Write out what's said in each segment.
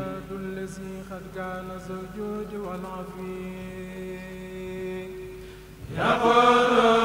العباد الذي قد كان زوجوج والعفيف يقول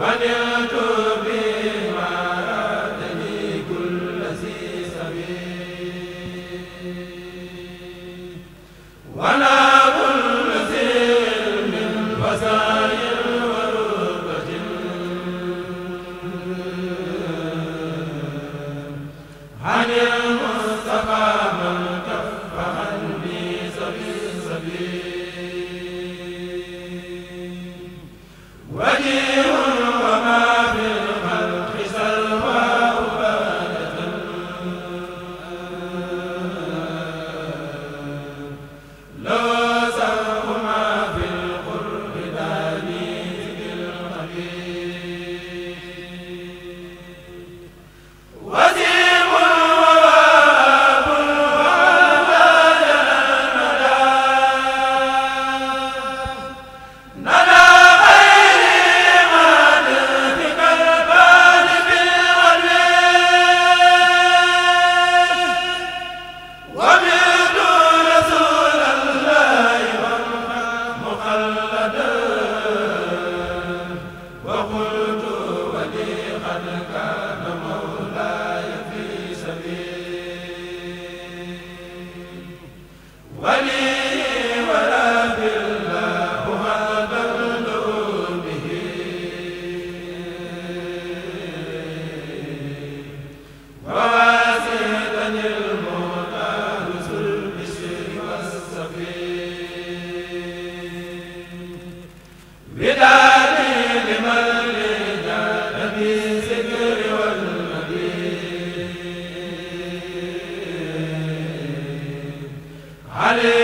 man ale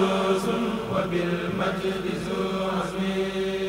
محسوس وبالمجد ذو عزم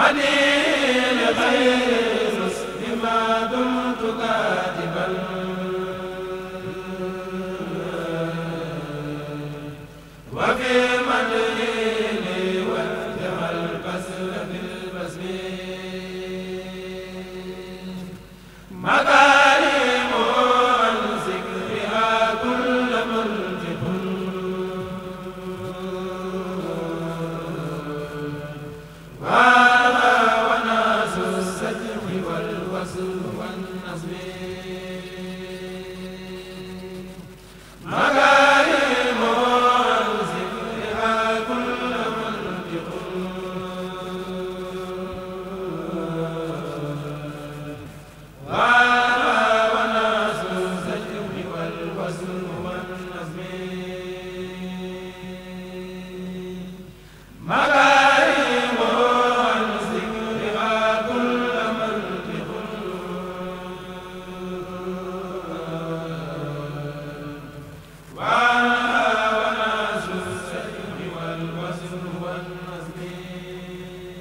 mani